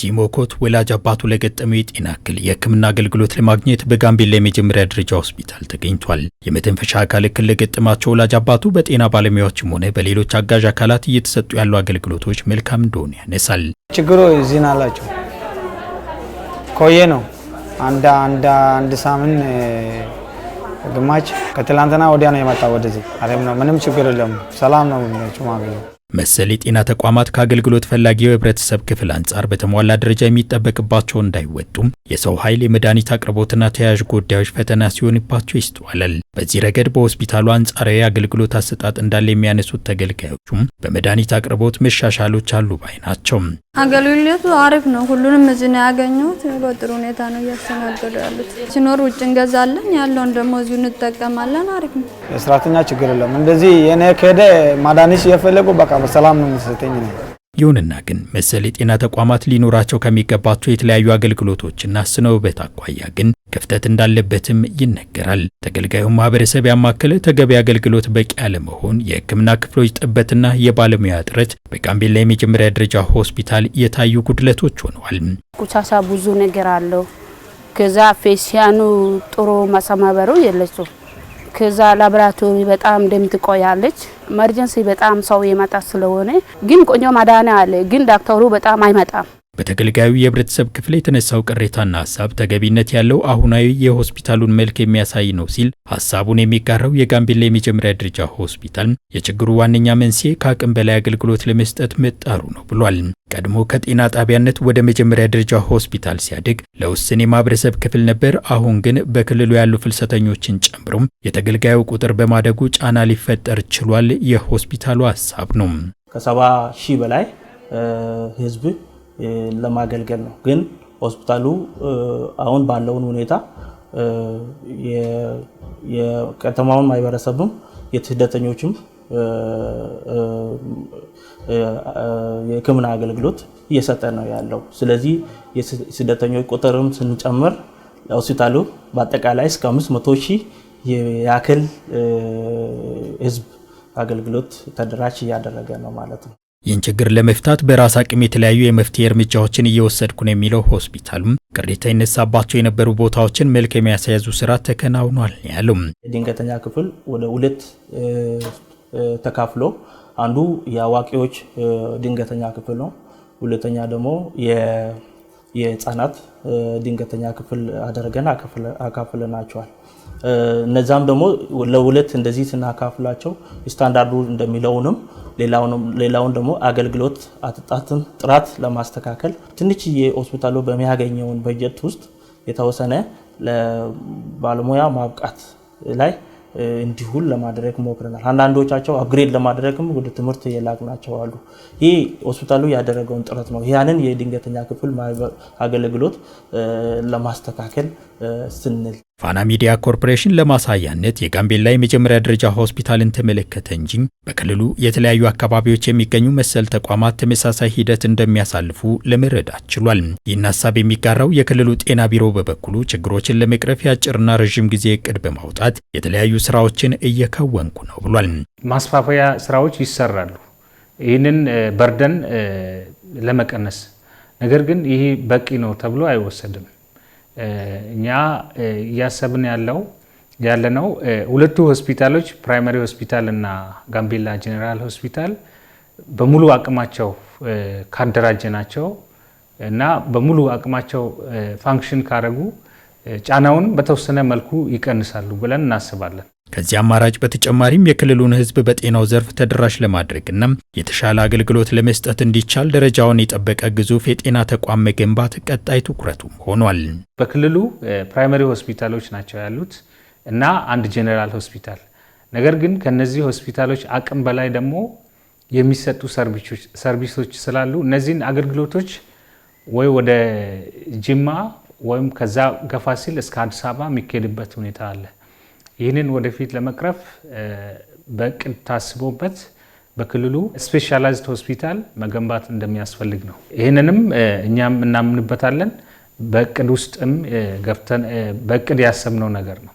ጂሞኮት ወላጅ አባቱ ለገጠመው የጤና እክል የሕክምና አገልግሎት ለማግኘት በጋምቤላ የመጀመሪያ ደረጃ ሆስፒታል ተገኝቷል። የመተንፈሻ አካል እክል ለገጠማቸው ወላጅ አባቱ በጤና ባለሙያዎችም ሆነ በሌሎች አጋዥ አካላት እየተሰጡ ያሉ አገልግሎቶች መልካም እንደሆነ ያነሳል። ችግሩ እዚህን አላቸው ቆየ ነው አንድ አንድ አንድ ሳምንት ግማሽ ከትላንትና ወዲያ ነው የመጣ ወደዚህ አም ነው ምንም ችግር የለም ሰላም ነው ችማገኘው መሰል የጤና ተቋማት ከአገልግሎት ፈላጊው የህብረተሰብ ክፍል አንጻር በተሟላ ደረጃ የሚጠበቅባቸው እንዳይወጡም የሰው ኃይል፣ የመድኃኒት አቅርቦትና ተያያዥ ጉዳዮች ፈተና ሲሆንባቸው ይስተዋላል። በዚህ ረገድ በሆስፒታሉ አንጻራዊ አገልግሎት አሰጣጥ እንዳለ የሚያነሱት ተገልጋዮቹም በመድኃኒት አቅርቦት መሻሻሎች አሉ ባይ ናቸው። አገልግሎቱ አሪፍ ነው። ሁሉንም እዚህ ነው ያገኙት። በጥሩ ሁኔታ ነው እያስተናገዱ ያሉት። ሲኖር ውጭ እንገዛለን፣ ያለውን ደግሞ እዚሁ እንጠቀማለን። አሪፍ ነው። የሰራተኛ ችግር የለም። እንደዚህ የኔ ከሄደ ማዳኒስ እየፈለጉ በቃ በሰላም ነው የሚሰጠኝ ነው ይሁንና ግን መሰል የጤና ተቋማት ሊኖራቸው ከሚገባቸው የተለያዩ አገልግሎቶችና ስነ ውበት አኳያ ግን ክፍተት እንዳለበትም ይነገራል። ተገልጋዩን ማህበረሰብ ያማከለ ተገቢ አገልግሎት በቂ ያለመሆን የህክምና ክፍሎች ጥበትና የባለሙያ እጥረት በጋምቤላ የመጀመሪያ ደረጃ ሆስፒታል የታዩ ጉድለቶች ሆነዋል። ቁሳሳ ብዙ ነገር አለው። ከዛ ፌሲያኑ ጥሩ ማሳማበሩ የለችው ከዛ ላብራቶሪ በጣም ደም ትቆያለች። ኢመርጀንሲ በጣም ሰው የመጣ ስለሆነ ግን ቆኞ መድኃኒት አለ፣ ግን ዳክተሩ በጣም አይመጣም። በተገልጋዩ የህብረተሰብ ክፍል የተነሳው ቅሬታና ሀሳብ ተገቢነት ያለው አሁናዊ የሆስፒታሉን መልክ የሚያሳይ ነው ሲል ሀሳቡን የሚጋራው የጋምቤላ የመጀመሪያ ደረጃ ሆስፒታል የችግሩ ዋነኛ መንስኤ ከአቅም በላይ አገልግሎት ለመስጠት መጣሩ ነው ብሏል። ቀድሞ ከጤና ጣቢያነት ወደ መጀመሪያ ደረጃ ሆስፒታል ሲያድግ ለውስን የማህበረሰብ ክፍል ነበር። አሁን ግን በክልሉ ያሉ ፍልሰተኞችን ጨምሮም የተገልጋዩ ቁጥር በማደጉ ጫና ሊፈጠር ችሏል። የሆስፒታሉ ሀሳብ ነው ከሰባ ሺህ በላይ ህዝብ ለማገልገል ነው። ግን ሆስፒታሉ አሁን ባለውን ሁኔታ የከተማውን ማህበረሰብም የስደተኞችም የሕክምና አገልግሎት እየሰጠ ነው ያለው። ስለዚህ የስደተኞች ቁጥርም ስንጨምር ሆስፒታሉ በአጠቃላይ እስከ አምስት መቶ ሺህ ያክል ህዝብ አገልግሎት ተደራሽ እያደረገ ነው ማለት ነው። ይህን ችግር ለመፍታት በራስ አቅም የተለያዩ የመፍትሄ እርምጃዎችን እየወሰድኩ ነው የሚለው ሆስፒታሉም ቅሬታ ይነሳባቸው የነበሩ ቦታዎችን መልክ የሚያስያዙ ስራ ተከናውኗል ያሉም። ድንገተኛ ክፍል ወደ ሁለት ተካፍሎ አንዱ የአዋቂዎች ድንገተኛ ክፍል ነው። ሁለተኛ ደግሞ የህፃናት ድንገተኛ ክፍል አደረገን አካፍለናቸዋል። እነዛም ደግሞ ለሁለት እንደዚህ ስናካፍላቸው ስታንዳርዱ እንደሚለውንም ሌላውን ደግሞ አገልግሎት አትጣትን ጥራት ለማስተካከል ትንሽዬ ሆስፒታሉ በሚያገኘውን በጀት ውስጥ የተወሰነ ለባለሙያ ማብቃት ላይ እንዲሁን ለማድረግ ሞክረናል። አንዳንዶቻቸው አፕግሬድ ለማድረግም ወደ ትምህርት የላክናቸው አሉ። ይህ ሆስፒታሉ ያደረገውን ጥረት ነው። ያንን የድንገተኛ ክፍል አገልግሎት ለማስተካከል ስንል ፋና ሚዲያ ኮርፖሬሽን ለማሳያነት የጋምቤላ የመጀመሪያ ደረጃ ሆስፒታልን ተመለከተ እንጂ በክልሉ የተለያዩ አካባቢዎች የሚገኙ መሰል ተቋማት ተመሳሳይ ሂደት እንደሚያሳልፉ ለመረዳት ችሏል። ይህን ሀሳብ የሚጋራው የክልሉ ጤና ቢሮ በበኩሉ ችግሮችን ለመቅረፍ የአጭርና ረዥም ጊዜ እቅድ በማውጣት የተለያዩ ስራዎችን እየከወንኩ ነው ብሏል። ማስፋፈያ ስራዎች ይሰራሉ። ይህንን በርደን ለመቀነስ ነገር ግን ይህ በቂ ነው ተብሎ አይወሰድም። እኛ እያሰብን ያለው ያለ ነው ሁለቱ ሆስፒታሎች ፕራይመሪ ሆስፒታል እና ጋምቤላ ጄኔራል ሆስፒታል በሙሉ አቅማቸው ካደራጀ ናቸው እና በሙሉ አቅማቸው ፋንክሽን ካረጉ ጫናውን በተወሰነ መልኩ ይቀንሳሉ ብለን እናስባለን። ከዚህ አማራጭ በተጨማሪም የክልሉን ህዝብ በጤናው ዘርፍ ተደራሽ ለማድረግና የተሻለ አገልግሎት ለመስጠት እንዲቻል ደረጃውን የጠበቀ ግዙፍ የጤና ተቋም መገንባት ቀጣይ ትኩረቱ ሆኗል። በክልሉ ፕራይመሪ ሆስፒታሎች ናቸው ያሉት እና አንድ ጄኔራል ሆስፒታል ነገር ግን ከነዚህ ሆስፒታሎች አቅም በላይ ደግሞ የሚሰጡ ሰርቪሶች ስላሉ እነዚህን አገልግሎቶች ወይ ወደ ጅማ ወይም ከዛ ገፋ ሲል እስከ አዲስ አበባ የሚካሄድበት ሁኔታ አለ። ይህንን ወደፊት ለመቅረፍ በእቅድ ታስቦበት በክልሉ ስፔሻላይዝድ ሆስፒታል መገንባት እንደሚያስፈልግ ነው። ይህንንም እኛም እናምንበታለን። በእቅድ ውስጥም ገብተን በእቅድ ያሰብነው ነገር ነው።